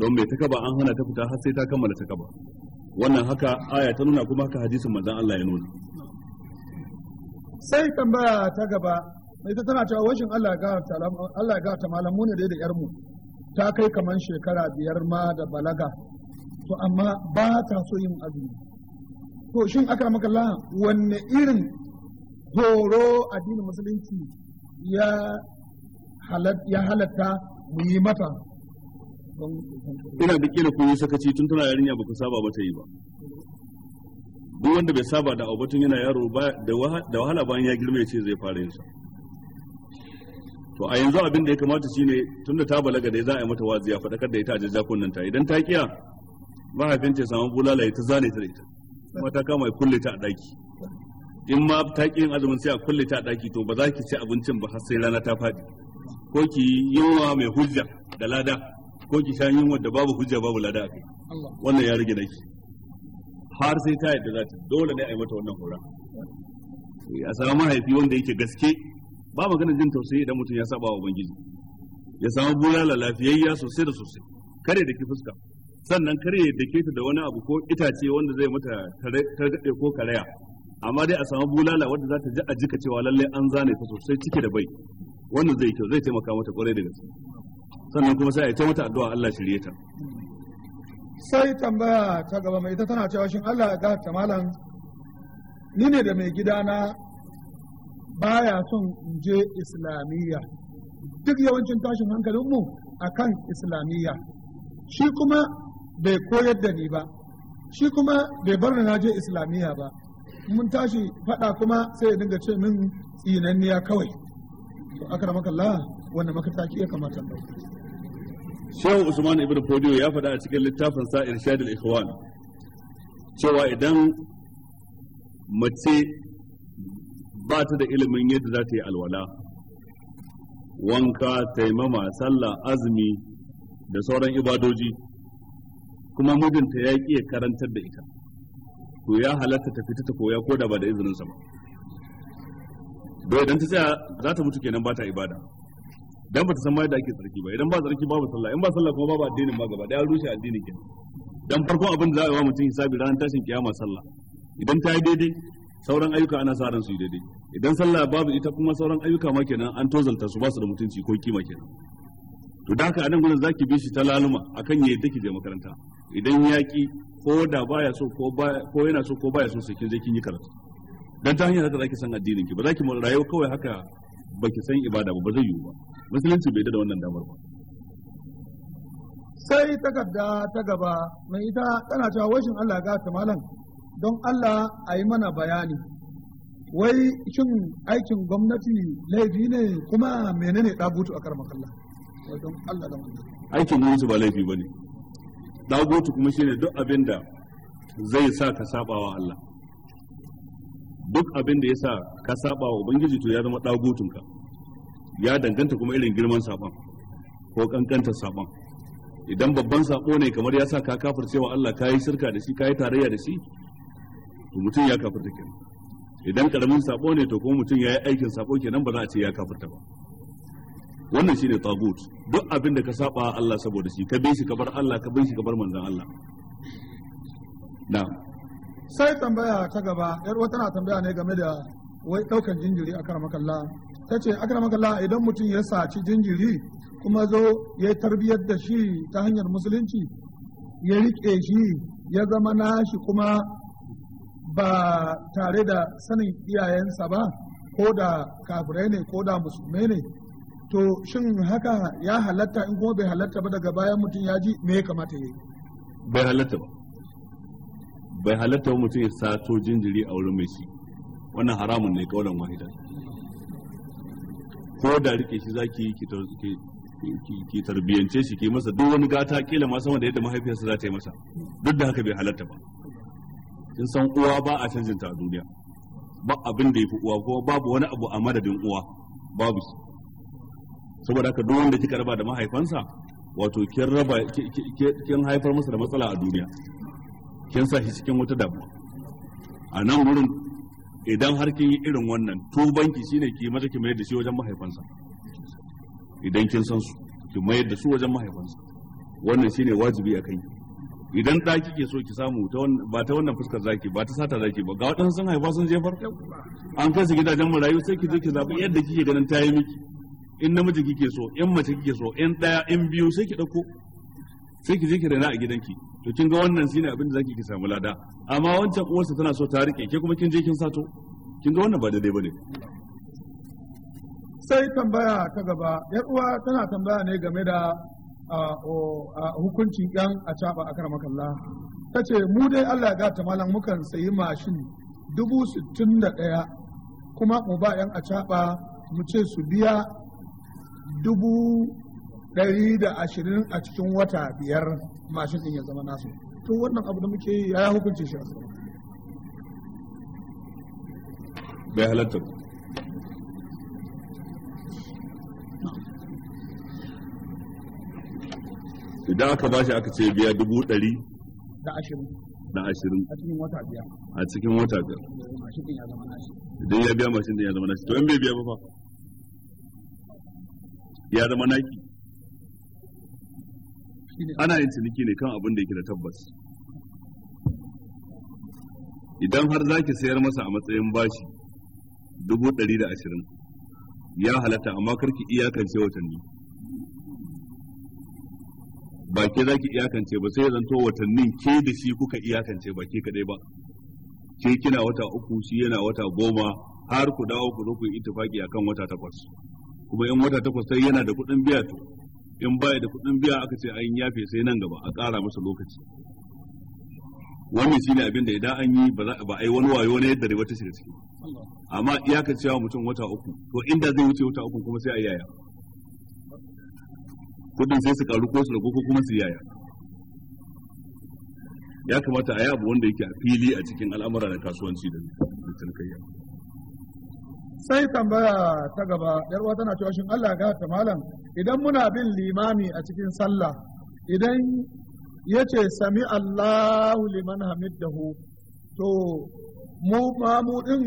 don mai takaba an hana ta fita har sai ta kammala takaba wannan haka aya ta nuna kuma haka hadisin manzon Allah ya nuna sai tambaya ta gaba Mai ta tana cewa washin Allah ga gafarta Allah ya ta malamu ne da yar mu ta kai kaman shekara biyar ma da balaga to amma ba ta so yin azumi to shin aka maka la wanne irin horo addinin musulunci ya halatta mu yi mata ina da kila kun yi sakaci tun tana yarinya ba saba ba ta yi ba duk wanda bai saba da abu tun yana yaro da wahala bayan ya girma ya ce zai fara yin sa to a yanzu abin da ya kamata shine da ta balaga dai za a yi mata waziya faɗakar da ita a nan ta idan ta kiya mahaifin ce samu bulala ta zane ta da ita kuma ta kama ya kulle ta a ɗaki in ma ta ƙi yin azumin sai a kulle ta a ɗaki to ba za ki ci abincin ba har sai rana ta faɗi ko ki yunwa mai hujja da lada ko ki sha yunwa da babu hujja babu lada akai wannan ya rage naki har sai ta yadda za ta dole ne a yi mata wannan hura a samu mahaifi wanda yake gaske ba magana jin tausayi idan mutum ya saba wa ubangiji ya samu bulala lafiyayya sosai da sosai kare da ki fuska sannan kare da ke ta da wani abu ko itace wanda zai mata targaɗe ko karaya amma dai a samu bulala wadda za ta ji a jika cewa lallai an zane ta sosai ciki da bai wannan zai kyau zai taimaka mata kwarai da gaske sannan kuma sai a ta mata addu'a Allah shirye ta sai tambaya ta gaba mai ita tana cewa shin Allah ya ta malam ni ne da mai gida gidana baya son in je islamiyya duk yawancin tashin hankalin mu akan islamiyya shi kuma bai koyar da ni ba shi kuma bai bar na je islamiyya ba mun tashi fada kuma sai ya dinga ce min tsinanniya kawai akara makalla wanda ta ya kamata mai Shehu Usman Ibn Fodiyo ya faɗa a cikin littafin sa Irshadul Ikhwan cewa idan mace ba ta da ilimin yadda za ta yi alwala wanka taimama sallah azumi da sauran ibadoji kuma mijinta ya ƙi karantar da ita to ya halatta ta fita ta koya ko da ba da izininsa ba bai idan ta tsaya za ta mutu kenan ba ta ibada dan ba ta san ma yadda ake tsarki ba idan ba tsarki babu sallah in ba sallah kuma babu addinin ma gaba daya rushe addinin kenan dan farkon abin da za a yi wa mutum hisabi ranar tashin kiyama sallah idan ta yi daidai sauran ayyuka ana sa ran su yi daidai idan sallah babu ita kuma sauran ayyuka ma kenan an tozalta su ba su da mutunci ko kima kenan to da haka anan gurin zaki bi shi ta laluma akan yayi take je makaranta idan yaki ko da baya so ko ko yana so ko baya so sai kin je kin yi karatu dan ta hanyar haka zaki san addinin ki ba zaki mu rayuwa kawai haka baki san ibada ba ba zai yiwu ba musulunci bai da wannan damar ba sai takarda ta gaba mai ita tana cewa washin Allah ga ta malam don Allah a yi mana bayani wai shin aikin gwamnati laifi ne kuma menene dagutu a karamar Allah don Allah da aikin gwamnati ba laifi bane dagutu kuma shine duk abin da zai sa ka sabawa Allah duk abin da ya sa ka saba wa ubangiji to ya zama ɗagotunka ya danganta kuma irin girman saban ko kankanta saban idan babban sabo ne kamar ya sa ka kafar cewa Allah ka yi shirka da shi ka yi tarayya da shi to mutum ya kafirta kenan idan karamin sabo ne to kuma mutum ya yi aikin sabo kenan ba za a ce ya kafirta ba wannan shine tagut duk abin da ka saba Allah saboda shi ka bi shi ka bar Allah ka bi shi ka bar manzon Allah na'am sai tambaya ta gaba yar uwa tana tambaya ne game da wai ɗaukar jinjiri a kalla. ta ce a kalla, idan mutum ya saci jinjiri kuma zo ya tarbiyyar da shi ta hanyar musulunci ya riƙe shi ya zama nashi kuma ba tare da sanin iyayensa ba ko da kafirai ne ko da musulmai ne to shin haka ya halatta in kuma bai halatta ba daga bayan mutum ya ji me ya kamata ya yi bai halatta ba bai halatta mutum ya sato jinjiri a wurin mai shi wannan haramun ne kaulan wahida ko da rike shi zaki ki ki tarbiyance shi ki masa duk wani gata kila ma sama da yadda mahaifiyarsa za ta yi masa duk da haka bai halatta ba kin san uwa ba a canjinta a duniya ba abin da yafi uwa ko babu wani abu a madadin uwa babu shi saboda haka duk wanda kika raba da mahaifansa wato kin raba kin haifar masa da matsala a duniya kin sa shi cikin wata damuwa a nan wurin idan har kin yi irin wannan tubanki shine ki maza ki mayar da shi wajen mahaifansa idan kin san su ki mayar da su wajen mahaifansa wannan shine wajibi a kai idan da kike so ki samu ba ta wannan fuskar zaki ba ta sata zaki ba ga waɗansu sun haifa sun jefar an kai su gidajen marayu sai ki je ki zaɓi yadda kike ganin ta yi miki in namiji kike so in mace kike so in ɗaya in biyu sai ki ɗauko sai ki je ki rena a gidanki to kin ga wannan shine abin da zaki ki samu lada amma wancan uwarsa tana so ta rike ke kuma kin je kin sato kin ga wannan ba daidai bane sai tambaya ta gaba yar uwa tana tambaya ne game da hukuncin yan a caba a karamakalla. ta ce mu dai Allah ga ta malam mukan sayi mashin dubu sittin da ɗaya kuma mu ba yan a caba mu ce su biya dubu ɗari da ashirin a cikin wata biyar mashin ɗin ya zama nasu to wannan abu da muke yi ya hukunce shi a bai halatta idan aka shi aka ce biya dubu ɗari da ashirin da ashirin a cikin wata biyar a cikin wata biyar idan ya biya mashin din ya zama nasu to in bai biya ba fa ya zama naki ana yin ciniki ne kan abin da yake da tabbas idan har za ki sayar masa a matsayin bashi dubu ɗari da ashirin ya halatta amma karki iyakance watanni ba ke za ki iyakance ba sai zanto watannin ke da shi kuka iyakance ba ke kaɗai ba ke kina wata uku shi yana wata goma har ku dawo ku zo ku yi ittifaki akan wata takwas kuma in wata takwas sai yana da kuɗin biya to in baya da kuɗin biya aka ce ayin yafe sai nan gaba a ƙara masa lokaci wannan shine abin da idan an yi ba a yi wani wayo na yadda riba ta shiga ciki amma iyakar cewa mutum wata uku to inda zai wuce wata uku kuma sai a yaya kudin sai su karu ko su ragu ko kuma su yaya ya kamata a yi abu wanda yake a fili a cikin al'amura da kasuwanci da cinikayya sai tambaya ta gaba yar uwa tana cewa shin Allah ga ta malam idan muna bin limami a cikin sallah idan yace sami Allahu liman hamiddahu to mu ma mu din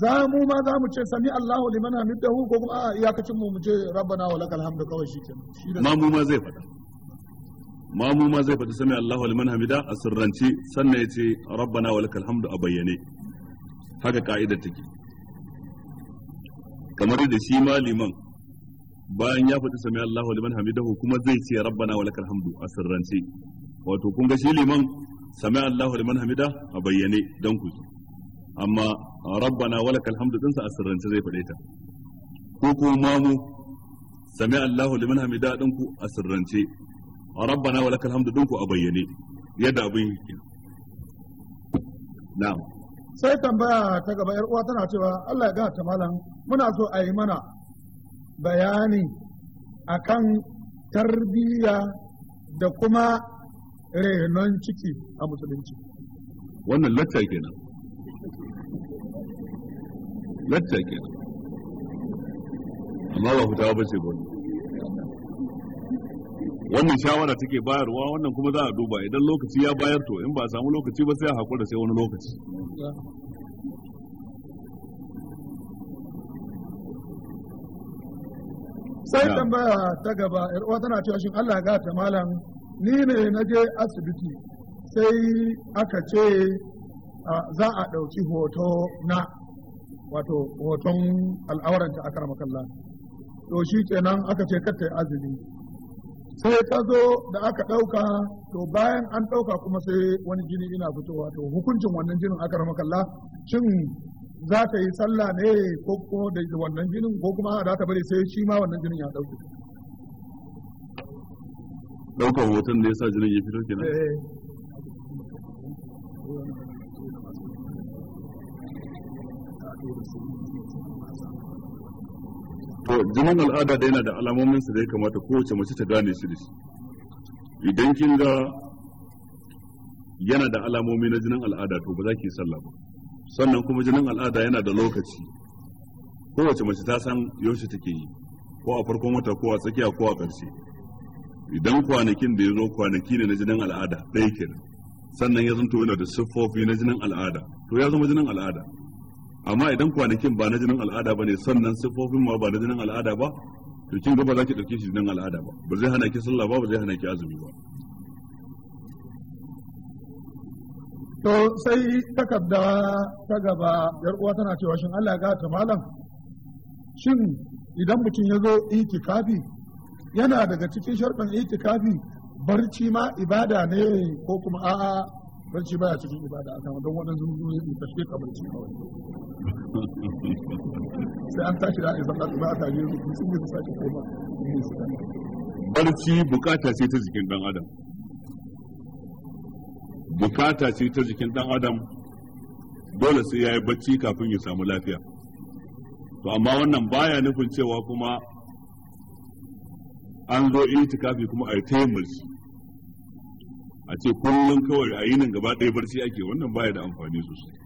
za mu ma za mu ce sami Allahu liman hamiddahu ko kuma a iyakacin mu mu ce rabbana wa lakal hamdu kawai shikenan ma mu ma zai faɗa ma mu ma zai faɗi sami Allahu liman hamida a sirrance sannan ya ce rabbana wa lakal hamdu a bayyane haka ka'idar take kamar da shi ma liman bayan ya faɗi sami Allah wa liman hamidahu kuma zai ce rabbana wa lakal hamdu a sirrance wato kun ga shi liman sami Allah wa liman hamida a bayyane dan ku amma rabbana wa lakal hamdu din sa a sirrance zai faɗe ta ko kuma mu sami wa liman hamida din ku a sirrance rabbana wa lakal hamdu din ku a bayyane yadda abin yake na'am sai tambaya ta gaba yar uwa tana cewa Allah ya ga ta malam muna so a yi mana bayani a kan tarbiyya da kuma renon ciki a musulunci wannan latta kenan latta kenan amma ba fitawa ba ce ba wannan shawara take bayarwa wannan kuma za a duba idan lokaci ya bayar to in ba a samu lokaci ba sai a haƙura sai wani lokaci sai tambaya ta gaba yar uwa tana cewa shin Allah ga ta malam ni ne na je asibiti sai aka ce za a ɗauki hoto na wato hoton al'auranta a karamakalla to shi kenan aka ce kattai azumi sai ta zo da aka ɗauka to bayan an ɗauka kuma sai wani jini ina fitowa to hukuncin wannan jinin a karamakalla shin za ta yi sallah ne ko kuma da wannan jinin ko kuma za ta bari sai shi ma wannan jinin ya dauke daukan hoton da ya sa jinin ya fito nan. Eh. to jinin al'ada da yana da alamomin su da ya kamata kowace mace ta gane su da shi idan kin ga yana da alamomi na jinin al'ada to ba za ki yi sallah ba sannan kuma jinin al'ada yana da lokaci kowace mace ta san yaushe take yi ko a farkon wata ko a tsakiya ko a ƙarshe idan kwanakin da ya zo kwanaki ne na jinin al'ada ɗaya kenan sannan ya zanto yana da siffofi na jinin al'ada to ya zama jinin al'ada amma idan kwanakin ba na jinin al'ada ba ne sannan siffofin ma ba na jinin al'ada ba to kin ga ba za ki ɗauke shi jinin al'ada ba ba zai hana ki sallah ba ba zai hana ki azumi ba to sai takarda ta gaba yar uwa tana cewa shin Allah ga ta malam shin idan mutum ya zo itikafi yana daga cikin sharɗin itikafi barci ma ibada ne ko kuma a'a barci baya cikin ibada a kan don waɗansu zuwa yi tashi ka barci kawai sai an tashi da a isa ba a tashi sun yi su sake koma barci bukata sai ta jikin ɗan adam bukata ce ta jikin dan adam dole sai ya yi bacci kafin ya samu lafiya to amma wannan baya nufin cewa kuma an zo itikafi kuma a yi ta yin barci a ce kullum kawai a yi nan gaba ɗaya barci ake wannan baya da amfani sosai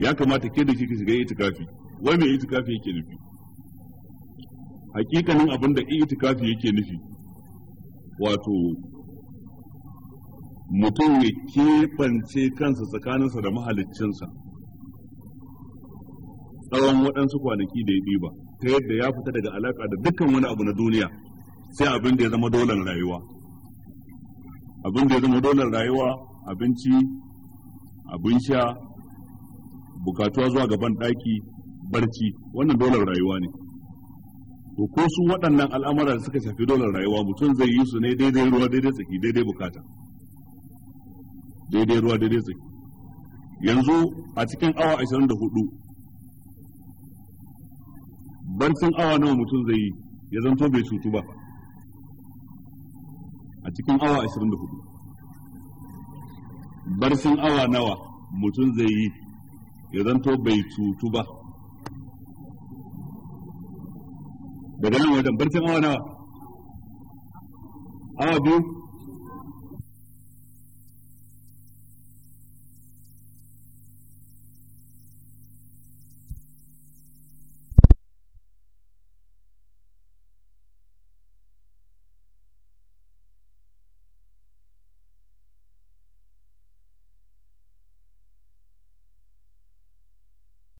ya kamata ke da kika shiga itikafi wai me itikafi yake nufi hakikanin abin da itikafi yake nufi wato mutum ya keɓance kansa tsakaninsa da mahaliccinsa tsawon waɗansu kwanaki da ya ɗiba ta yadda ya fita daga alaƙa da dukkan wani abu na duniya sai abin da ya zama dolar rayuwa abin da ya zama dolar rayuwa abinci abin sha bukatuwa zuwa gaban ɗaki barci wannan dolar rayuwa ne to ko su waɗannan al'amura da suka shafi dolar rayuwa mutum zai yi su ne daidai ruwa daidai tsaki daidai bukata daidai ruwa daidai tsaki yanzu a cikin awa 24 barcin awa nawa mutum zai yi ya zanto bai cutu ba a cikin awa 24 barcin awa nawa mutum zai yi ya zanto bai cutu ba daga nan wajen barcin awa nawa awa biyu